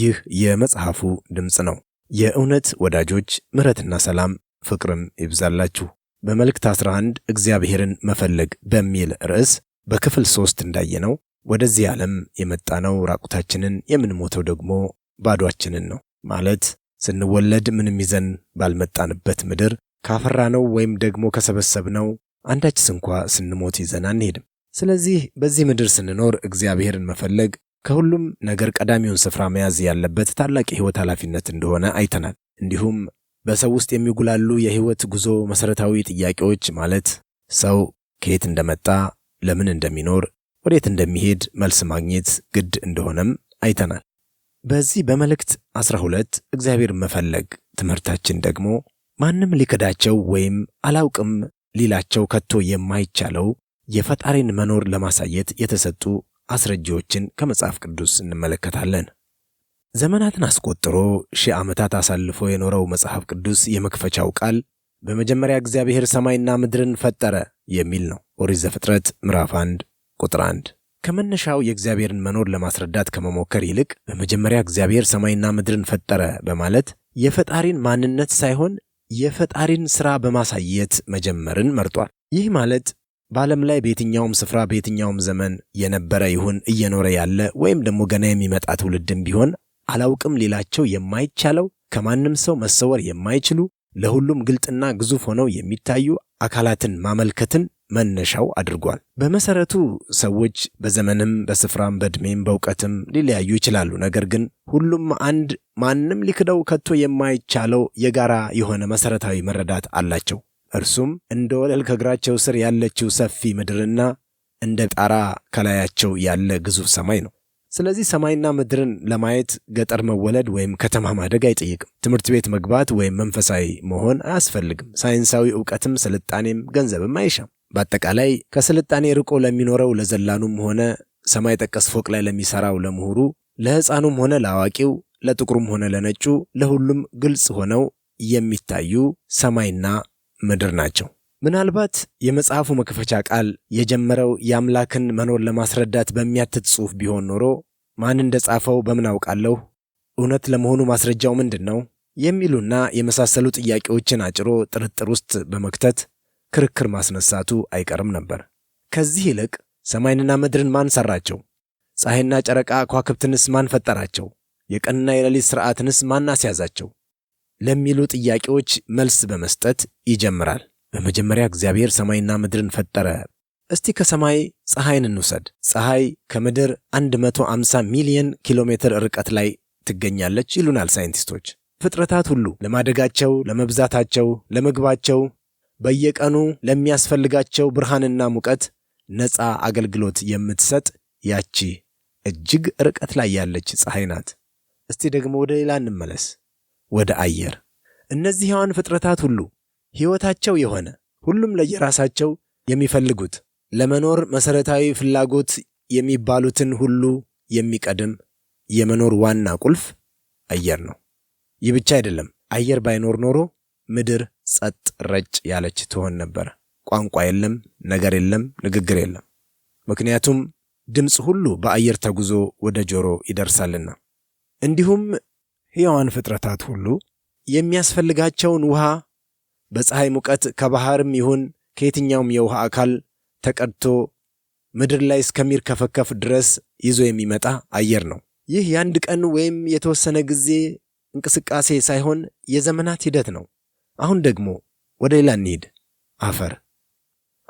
ይህ የመጽሐፉ ድምፅ ነው። የእውነት ወዳጆች ምሕረትና ሰላም ፍቅርም ይብዛላችሁ። በመልእክት 11 እግዚአብሔርን መፈለግ በሚል ርዕስ በክፍል 3 እንዳየነው ወደዚህ ዓለም የመጣነው ራቁታችንን የምንሞተው ደግሞ ባዷችንን ነው። ማለት ስንወለድ ምንም ይዘን ባልመጣንበት ምድር ካፈራነው ወይም ደግሞ ከሰበሰብነው አንዳችስ እንኳ ስንሞት ይዘን አንሄድም። ስለዚህ በዚህ ምድር ስንኖር እግዚአብሔርን መፈለግ ከሁሉም ነገር ቀዳሚውን ስፍራ መያዝ ያለበት ታላቅ የሕይወት ኃላፊነት እንደሆነ አይተናል። እንዲሁም በሰው ውስጥ የሚጉላሉ የሕይወት ጉዞ መሠረታዊ ጥያቄዎች ማለት ሰው ከየት እንደመጣ፣ ለምን እንደሚኖር፣ ወዴት እንደሚሄድ መልስ ማግኘት ግድ እንደሆነም አይተናል። በዚህ በመልእክት 12 እግዚአብሔር መፈለግ ትምህርታችን ደግሞ ማንም ሊክዳቸው ወይም አላውቅም ሊላቸው ከቶ የማይቻለው የፈጣሪን መኖር ለማሳየት የተሰጡ አስረጂዎችን ከመጽሐፍ ቅዱስ እንመለከታለን። ዘመናትን አስቆጥሮ ሺህ ዓመታት አሳልፎ የኖረው መጽሐፍ ቅዱስ የመክፈቻው ቃል በመጀመሪያ እግዚአብሔር ሰማይና ምድርን ፈጠረ የሚል ነው። ኦሪት ዘፍጥረት ምዕራፍ 1 ቁጥር 1። ከመነሻው የእግዚአብሔርን መኖር ለማስረዳት ከመሞከር ይልቅ በመጀመሪያ እግዚአብሔር ሰማይና ምድርን ፈጠረ በማለት የፈጣሪን ማንነት ሳይሆን የፈጣሪን ሥራ በማሳየት መጀመርን መርጧል። ይህ ማለት በዓለም ላይ በየትኛውም ስፍራ በየትኛውም ዘመን የነበረ ይሁን እየኖረ ያለ ወይም ደግሞ ገና የሚመጣ ትውልድም ቢሆን አላውቅም ሌላቸው የማይቻለው ከማንም ሰው መሰወር የማይችሉ ለሁሉም ግልጥና ግዙፍ ሆነው የሚታዩ አካላትን ማመልከትን መነሻው አድርጓል። በመሰረቱ ሰዎች በዘመንም በስፍራም በእድሜም በእውቀትም ሊለያዩ ይችላሉ። ነገር ግን ሁሉም አንድ ማንም ሊክደው ከቶ የማይቻለው የጋራ የሆነ መሰረታዊ መረዳት አላቸው። እርሱም እንደ ወለል ከእግራቸው ስር ያለችው ሰፊ ምድርና እንደ ጣራ ከላያቸው ያለ ግዙፍ ሰማይ ነው። ስለዚህ ሰማይና ምድርን ለማየት ገጠር መወለድ ወይም ከተማ ማደግ አይጠይቅም። ትምህርት ቤት መግባት ወይም መንፈሳዊ መሆን አያስፈልግም። ሳይንሳዊ እውቀትም ስልጣኔም ገንዘብም አይሻም። በአጠቃላይ ከስልጣኔ ርቆ ለሚኖረው ለዘላኑም ሆነ ሰማይ ጠቀስ ፎቅ ላይ ለሚሰራው ለምሁሩ፣ ለሕፃኑም ሆነ ለአዋቂው፣ ለጥቁሩም ሆነ ለነጩ፣ ለሁሉም ግልጽ ሆነው የሚታዩ ሰማይና ምድር ናቸው። ምናልባት የመጽሐፉ መክፈቻ ቃል የጀመረው የአምላክን መኖር ለማስረዳት በሚያትት ጽሑፍ ቢሆን ኖሮ ማን እንደ ጻፈው በምን አውቃለሁ? እውነት ለመሆኑ ማስረጃው ምንድን ነው? የሚሉና የመሳሰሉ ጥያቄዎችን አጭሮ ጥርጥር ውስጥ በመክተት ክርክር ማስነሳቱ አይቀርም ነበር። ከዚህ ይልቅ ሰማይንና ምድርን ማን ሠራቸው? ፀሐይና ጨረቃ ከዋክብትንስ ማን ፈጠራቸው? የቀንና የሌሊት ሥርዓትንስ ማን አስያዛቸው? ለሚሉ ጥያቄዎች መልስ በመስጠት ይጀምራል። በመጀመሪያ እግዚአብሔር ሰማይና ምድርን ፈጠረ። እስቲ ከሰማይ ፀሐይን እንውሰድ። ፀሐይ ከምድር 150 ሚሊዮን ኪሎ ሜትር ርቀት ላይ ትገኛለች ይሉናል ሳይንቲስቶች። ፍጥረታት ሁሉ ለማደጋቸው፣ ለመብዛታቸው፣ ለምግባቸው በየቀኑ ለሚያስፈልጋቸው ብርሃንና ሙቀት ነፃ አገልግሎት የምትሰጥ ያቺ እጅግ ርቀት ላይ ያለች ፀሐይ ናት። እስቲ ደግሞ ወደ ሌላ እንመለስ። ወደ አየር። እነዚህ ሕያዋን ፍጥረታት ሁሉ ሕይወታቸው የሆነ ሁሉም ለየራሳቸው የሚፈልጉት ለመኖር መሠረታዊ ፍላጎት የሚባሉትን ሁሉ የሚቀድም የመኖር ዋና ቁልፍ አየር ነው። ይህ ብቻ አይደለም። አየር ባይኖር ኖሮ ምድር ጸጥ ረጭ ያለች ትሆን ነበር። ቋንቋ የለም፣ ነገር የለም፣ ንግግር የለም። ምክንያቱም ድምፅ ሁሉ በአየር ተጉዞ ወደ ጆሮ ይደርሳልና። እንዲሁም ሕያዋን ፍጥረታት ሁሉ የሚያስፈልጋቸውን ውሃ በፀሐይ ሙቀት ከባሕርም ይሁን ከየትኛውም የውሃ አካል ተቀድቶ ምድር ላይ እስከሚርከፈከፍ ድረስ ይዞ የሚመጣ አየር ነው። ይህ የአንድ ቀን ወይም የተወሰነ ጊዜ እንቅስቃሴ ሳይሆን የዘመናት ሂደት ነው። አሁን ደግሞ ወደ ሌላ እንሂድ። አፈር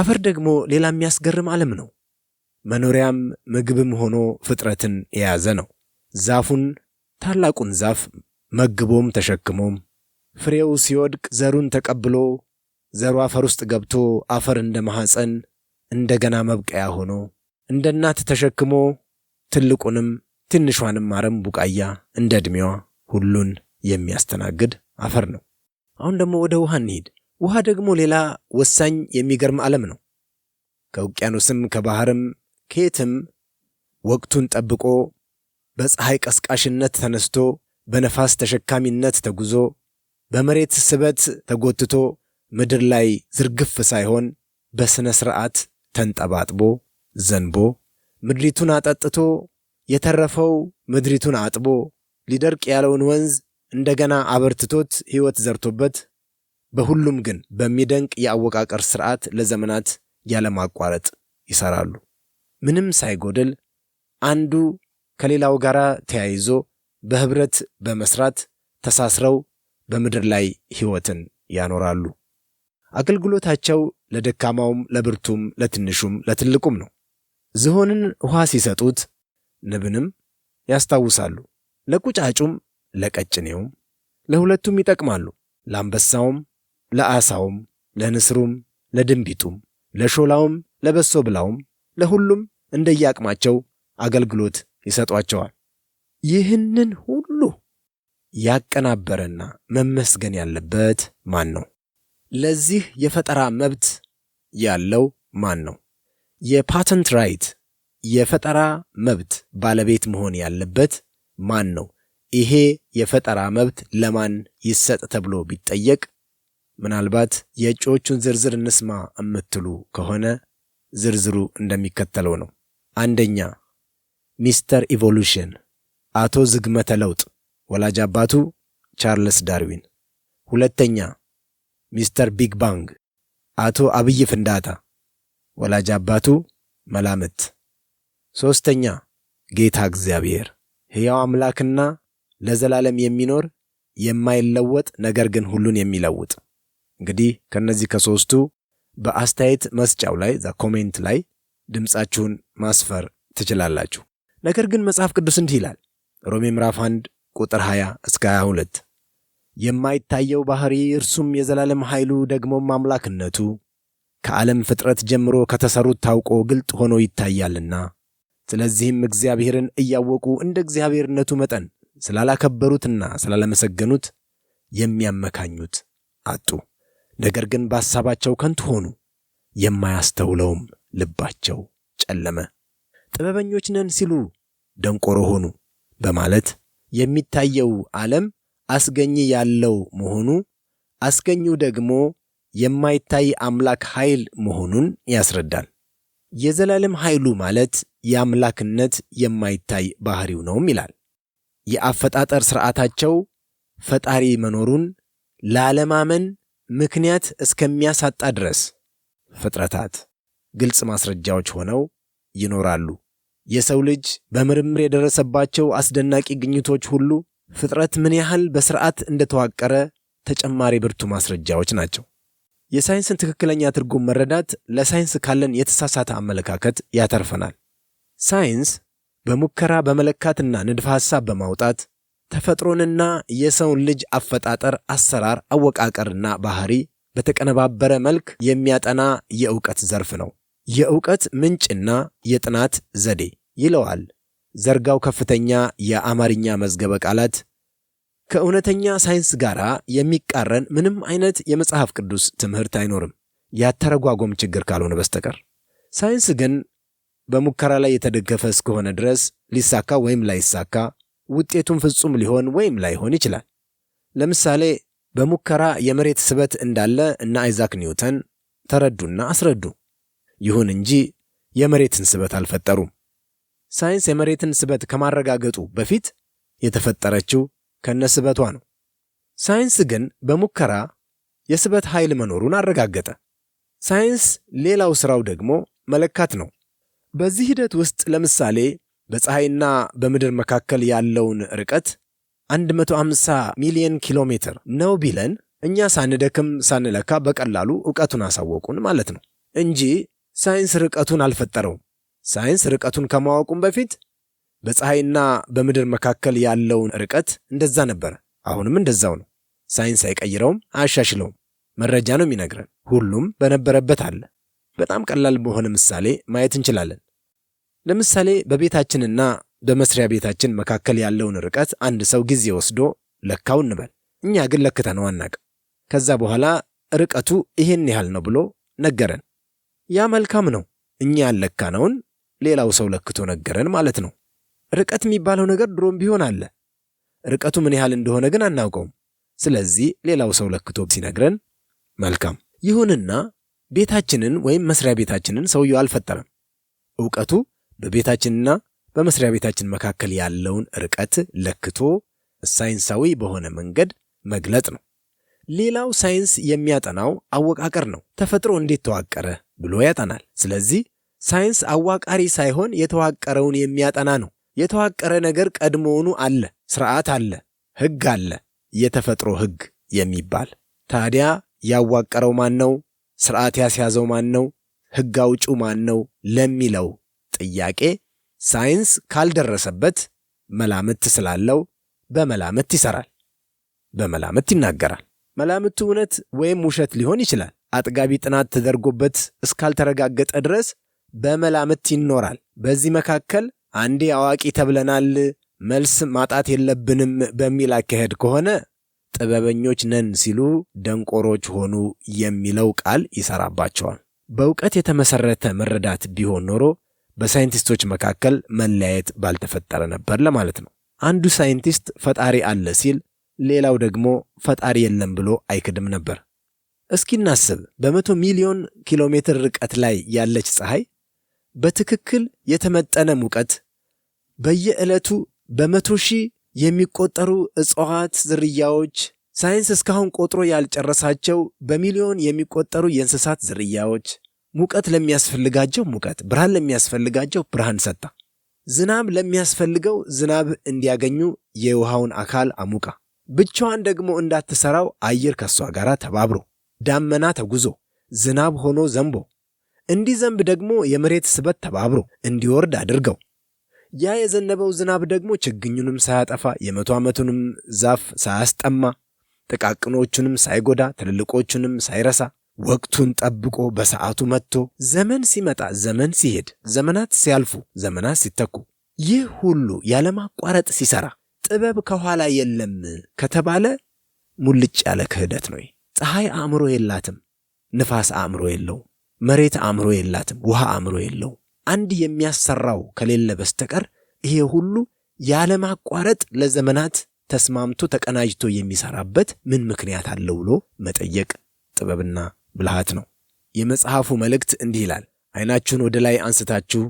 አፈር ደግሞ ሌላ የሚያስገርም ዓለም ነው። መኖሪያም ምግብም ሆኖ ፍጥረትን የያዘ ነው። ዛፉን ታላቁን ዛፍ መግቦም ተሸክሞም ፍሬው ሲወድቅ ዘሩን ተቀብሎ ዘሩ አፈር ውስጥ ገብቶ አፈር እንደ ማኅፀን እንደገና መብቀያ ሆኖ እንደ እናት ተሸክሞ ትልቁንም ትንሿንም አረም ቡቃያ እንደ ዕድሜዋ ሁሉን የሚያስተናግድ አፈር ነው። አሁን ደግሞ ወደ ውሃ እንሂድ። ውሃ ደግሞ ሌላ ወሳኝ የሚገርም ዓለም ነው። ከውቅያኖስም ከባህርም ከየትም ወቅቱን ጠብቆ በፀሐይ ቀስቃሽነት ተነስቶ በነፋስ ተሸካሚነት ተጉዞ በመሬት ስበት ተጎትቶ ምድር ላይ ዝርግፍ ሳይሆን በሥነ ሥርዓት ተንጠባጥቦ ዘንቦ ምድሪቱን አጠጥቶ የተረፈው ምድሪቱን አጥቦ ሊደርቅ ያለውን ወንዝ እንደገና አበርትቶት ሕይወት ዘርቶበት በሁሉም ግን በሚደንቅ የአወቃቀር ሥርዓት ለዘመናት ያለማቋረጥ ይሠራሉ። ምንም ሳይጎድል አንዱ ከሌላው ጋር ተያይዞ በህብረት በመስራት ተሳስረው በምድር ላይ ሕይወትን ያኖራሉ። አገልግሎታቸው ለደካማውም፣ ለብርቱም፣ ለትንሹም፣ ለትልቁም ነው። ዝሆንን ውሃ ሲሰጡት ንብንም ያስታውሳሉ። ለቁጫጩም፣ ለቀጭኔውም፣ ለሁለቱም ይጠቅማሉ። ለአንበሳውም፣ ለአሳውም፣ ለንስሩም፣ ለድንቢጡም፣ ለሾላውም፣ ለበሶ ብላውም፣ ለሁሉም እንደየአቅማቸው አገልግሎት ይሰጧቸዋል። ይህንን ሁሉ ያቀናበረና መመስገን ያለበት ማን ነው? ለዚህ የፈጠራ መብት ያለው ማን ነው? የፓተንት ራይት የፈጠራ መብት ባለቤት መሆን ያለበት ማን ነው? ይሄ የፈጠራ መብት ለማን ይሰጥ ተብሎ ቢጠየቅ ምናልባት የእጩዎቹን ዝርዝር እንስማ የምትሉ ከሆነ ዝርዝሩ እንደሚከተለው ነው። አንደኛ ሚስተር ኢቮሉሽን አቶ ዝግመተ ለውጥ ወላጅ አባቱ ቻርልስ ዳርዊን። ሁለተኛ ሚስተር ቢግ ባንግ አቶ አብይ ፍንዳታ ወላጅ አባቱ መላምት። ሦስተኛ ጌታ እግዚአብሔር ሕያው አምላክና ለዘላለም የሚኖር የማይለወጥ ነገር ግን ሁሉን የሚለውጥ። እንግዲህ ከነዚህ ከሦስቱ በአስተያየት መስጫው ላይ ዛ ኮሜንት ላይ ድምፃችሁን ማስፈር ትችላላችሁ። ነገር ግን መጽሐፍ ቅዱስ እንዲህ ይላል ሮሜ ምዕራፍ 1 ቁጥር 20 እስከ 22 የማይታየው ባህሪ እርሱም የዘላለም ኃይሉ ደግሞም አምላክነቱ ከዓለም ፍጥረት ጀምሮ ከተሰሩት ታውቆ ግልጥ ሆኖ ይታያልና ስለዚህም እግዚአብሔርን እያወቁ እንደ እግዚአብሔርነቱ መጠን ስላላከበሩትና ስላላመሰገኑት የሚያመካኙት አጡ። ነገር ግን በሐሳባቸው ከንቱ ሆኑ፣ የማያስተውለውም ልባቸው ጨለመ። ጥበበኞች ነን ሲሉ ደንቆሮ ሆኑ በማለት የሚታየው ዓለም አስገኝ ያለው መሆኑ አስገኙ ደግሞ የማይታይ አምላክ ኃይል መሆኑን ያስረዳል። የዘላለም ኃይሉ ማለት የአምላክነት የማይታይ ባህሪው ነውም ይላል። የአፈጣጠር ሥርዓታቸው ፈጣሪ መኖሩን ላለማመን ምክንያት እስከሚያሳጣ ድረስ ፍጥረታት ግልጽ ማስረጃዎች ሆነው ይኖራሉ። የሰው ልጅ በምርምር የደረሰባቸው አስደናቂ ግኝቶች ሁሉ ፍጥረት ምን ያህል በስርዓት እንደተዋቀረ ተጨማሪ ብርቱ ማስረጃዎች ናቸው። የሳይንስን ትክክለኛ ትርጉም መረዳት ለሳይንስ ካለን የተሳሳተ አመለካከት ያተርፈናል። ሳይንስ በሙከራ በመለካትና ንድፈ ሐሳብ በማውጣት ተፈጥሮንና የሰውን ልጅ አፈጣጠር፣ አሰራር፣ አወቃቀርና ባህሪ በተቀነባበረ መልክ የሚያጠና የእውቀት ዘርፍ ነው። የእውቀት ምንጭና የጥናት ዘዴ ይለዋል ዘርጋው ከፍተኛ የአማርኛ መዝገበ ቃላት። ከእውነተኛ ሳይንስ ጋር የሚቃረን ምንም አይነት የመጽሐፍ ቅዱስ ትምህርት አይኖርም ያተረጓጎም ችግር ካልሆነ በስተቀር። ሳይንስ ግን በሙከራ ላይ የተደገፈ እስከሆነ ድረስ ሊሳካ ወይም ላይሳካ፣ ውጤቱም ፍጹም ሊሆን ወይም ላይሆን ይችላል። ለምሳሌ በሙከራ የመሬት ስበት እንዳለ እነ አይዛክ ኒውተን ተረዱና አስረዱ። ይሁን እንጂ የመሬትን ስበት አልፈጠሩም። ሳይንስ የመሬትን ስበት ከማረጋገጡ በፊት የተፈጠረችው ከነስበቷ ነው። ሳይንስ ግን በሙከራ የስበት ኃይል መኖሩን አረጋገጠ። ሳይንስ ሌላው ሥራው ደግሞ መለካት ነው። በዚህ ሂደት ውስጥ ለምሳሌ በፀሐይና በምድር መካከል ያለውን ርቀት 150 ሚሊዮን ኪሎ ሜትር ነው ቢለን እኛ ሳንደክም ሳንለካ በቀላሉ እውቀቱን አሳወቁን ማለት ነው እንጂ ሳይንስ ርቀቱን አልፈጠረውም። ሳይንስ ርቀቱን ከማወቁም በፊት በፀሐይና በምድር መካከል ያለውን ርቀት እንደዛ ነበረ። አሁንም እንደዛው ነው። ሳይንስ አይቀይረውም፣ አያሻሽለውም። መረጃ ነው የሚነግረን። ሁሉም በነበረበት አለ። በጣም ቀላል በሆነ ምሳሌ ማየት እንችላለን። ለምሳሌ በቤታችንና በመስሪያ ቤታችን መካከል ያለውን ርቀት አንድ ሰው ጊዜ ወስዶ ለካው እንበል። እኛ ግን ለክተነው አናቅም። ከዛ በኋላ ርቀቱ ይሄን ያህል ነው ብሎ ነገረን። ያ መልካም ነው። እኛ ያለካነውን ሌላው ሰው ለክቶ ነገረን ማለት ነው። ርቀት የሚባለው ነገር ድሮም ቢሆን አለ። ርቀቱ ምን ያህል እንደሆነ ግን አናውቀውም። ስለዚህ ሌላው ሰው ለክቶ ሲነግረን መልካም። ይሁንና ቤታችንን ወይም መስሪያ ቤታችንን ሰውየው አልፈጠረም። እውቀቱ በቤታችንና በመስሪያ ቤታችን መካከል ያለውን ርቀት ለክቶ ሳይንሳዊ በሆነ መንገድ መግለጽ ነው። ሌላው ሳይንስ የሚያጠናው አወቃቀር ነው። ተፈጥሮ እንዴት ተዋቀረ ብሎ ያጠናል። ስለዚህ ሳይንስ አዋቃሪ ሳይሆን የተዋቀረውን የሚያጠና ነው። የተዋቀረ ነገር ቀድሞውኑ አለ፣ ስርዓት አለ፣ ህግ አለ፣ የተፈጥሮ ህግ የሚባል ታዲያ ያዋቀረው ማን ነው? ስርዓት ያስያዘው ማን ነው? ህግ አውጪው ማን ነው? ለሚለው ጥያቄ ሳይንስ ካልደረሰበት መላምት ስላለው በመላምት ይሰራል፣ በመላምት ይናገራል። መላምቱ እውነት ወይም ውሸት ሊሆን ይችላል። አጥጋቢ ጥናት ተደርጎበት እስካልተረጋገጠ ድረስ በመላምት ይኖራል። በዚህ መካከል አንዴ አዋቂ ተብለናል፣ መልስ ማጣት የለብንም በሚል አካሄድ ከሆነ ጥበበኞች ነን ሲሉ ደንቆሮች ሆኑ የሚለው ቃል ይሰራባቸዋል። በእውቀት የተመሰረተ መረዳት ቢሆን ኖሮ በሳይንቲስቶች መካከል መለያየት ባልተፈጠረ ነበር ለማለት ነው። አንዱ ሳይንቲስት ፈጣሪ አለ ሲል ሌላው ደግሞ ፈጣሪ የለም ብሎ አይክድም ነበር። እስኪ እናስብ፣ በመቶ ሚሊዮን ኪሎ ሜትር ርቀት ላይ ያለች ፀሐይ በትክክል የተመጠነ ሙቀት በየዕለቱ በመቶ ሺህ የሚቆጠሩ እጽዋት ዝርያዎች ሳይንስ እስካሁን ቆጥሮ ያልጨረሳቸው በሚሊዮን የሚቆጠሩ የእንስሳት ዝርያዎች ሙቀት ለሚያስፈልጋቸው ሙቀት፣ ብርሃን ለሚያስፈልጋቸው ብርሃን ሰጣ። ዝናብ ለሚያስፈልገው ዝናብ እንዲያገኙ የውሃውን አካል አሙቃ። ብቻዋን ደግሞ እንዳትሰራው አየር ከእሷ ጋር ተባብሮ ዳመና ተጉዞ ዝናብ ሆኖ ዘንቦ እንዲዘንብ ደግሞ የመሬት ስበት ተባብሮ እንዲወርድ አድርገው ያ የዘነበው ዝናብ ደግሞ ችግኙንም ሳያጠፋ የመቶ ዓመቱንም ዛፍ ሳያስጠማ ጥቃቅኖቹንም ሳይጎዳ ትልልቆቹንም ሳይረሳ ወቅቱን ጠብቆ በሰዓቱ መጥቶ ዘመን ሲመጣ ዘመን ሲሄድ ዘመናት ሲያልፉ ዘመናት ሲተኩ ይህ ሁሉ ያለማቋረጥ ሲሰራ ጥበብ ከኋላ የለም ከተባለ ሙልጭ ያለ ክህደት ነው። ፀሐይ አእምሮ የላትም፣ ንፋስ አእምሮ የለው፣ መሬት አእምሮ የላትም፣ ውሃ አእምሮ የለው። አንድ የሚያሰራው ከሌለ በስተቀር ይሄ ሁሉ ያለማቋረጥ ለዘመናት ተስማምቶ ተቀናጅቶ የሚሰራበት ምን ምክንያት አለው ብሎ መጠየቅ ጥበብና ብልሃት ነው። የመጽሐፉ መልእክት እንዲህ ይላል፣ አይናችሁን ወደ ላይ አንስታችሁ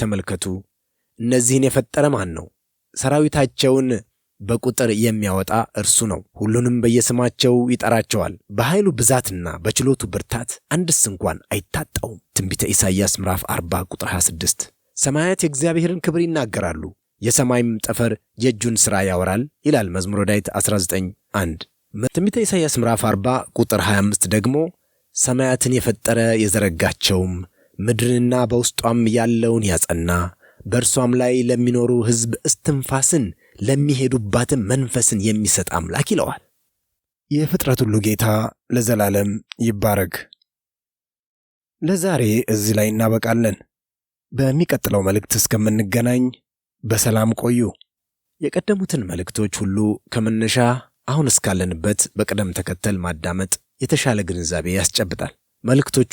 ተመልከቱ። እነዚህን የፈጠረ ማን ነው? ሰራዊታቸውን በቁጥር የሚያወጣ እርሱ ነው። ሁሉንም በየስማቸው ይጠራቸዋል። በኃይሉ ብዛትና በችሎቱ ብርታት አንድስ እንኳን አይታጣውም። ትንቢተ ኢሳይያስ ምዕራፍ 40 ቁጥር 26። ሰማያት የእግዚአብሔርን ክብር ይናገራሉ፣ የሰማይም ጠፈር የእጁን ሥራ ያወራል ይላል መዝሙረ ዳዊት 19 1 ትንቢተ ኢሳይያስ ምዕራፍ 40 ቁጥር 25 ደግሞ ሰማያትን የፈጠረ የዘረጋቸውም ምድርንና በውስጧም ያለውን ያጸና በእርሷም ላይ ለሚኖሩ ሕዝብ እስትንፋስን ለሚሄዱባትም መንፈስን የሚሰጥ አምላክ ይለዋል። የፍጥረት ሁሉ ጌታ ለዘላለም ይባረግ። ለዛሬ እዚህ ላይ እናበቃለን። በሚቀጥለው መልእክት እስከምንገናኝ በሰላም ቆዩ። የቀደሙትን መልእክቶች ሁሉ ከመነሻ አሁን እስካለንበት በቅደም ተከተል ማዳመጥ የተሻለ ግንዛቤ ያስጨብጣል። መልእክቶቹ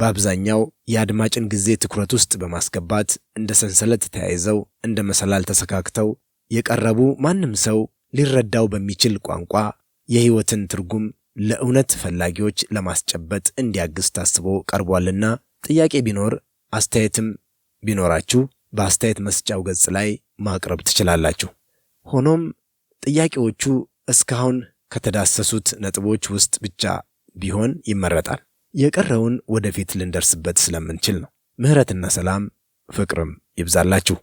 በአብዛኛው የአድማጭን ጊዜ ትኩረት ውስጥ በማስገባት እንደ ሰንሰለት ተያይዘው እንደ መሰላል ተሰካክተው የቀረቡ ማንም ሰው ሊረዳው በሚችል ቋንቋ የሕይወትን ትርጉም ለእውነት ፈላጊዎች ለማስጨበጥ እንዲያግዝ ታስቦ ቀርቧልና ጥያቄ ቢኖር አስተያየትም ቢኖራችሁ በአስተያየት መስጫው ገጽ ላይ ማቅረብ ትችላላችሁ። ሆኖም ጥያቄዎቹ እስካሁን ከተዳሰሱት ነጥቦች ውስጥ ብቻ ቢሆን ይመረጣል። የቀረውን ወደፊት ልንደርስበት ስለምንችል ነው። ምሕረትና ሰላም ፍቅርም ይብዛላችሁ።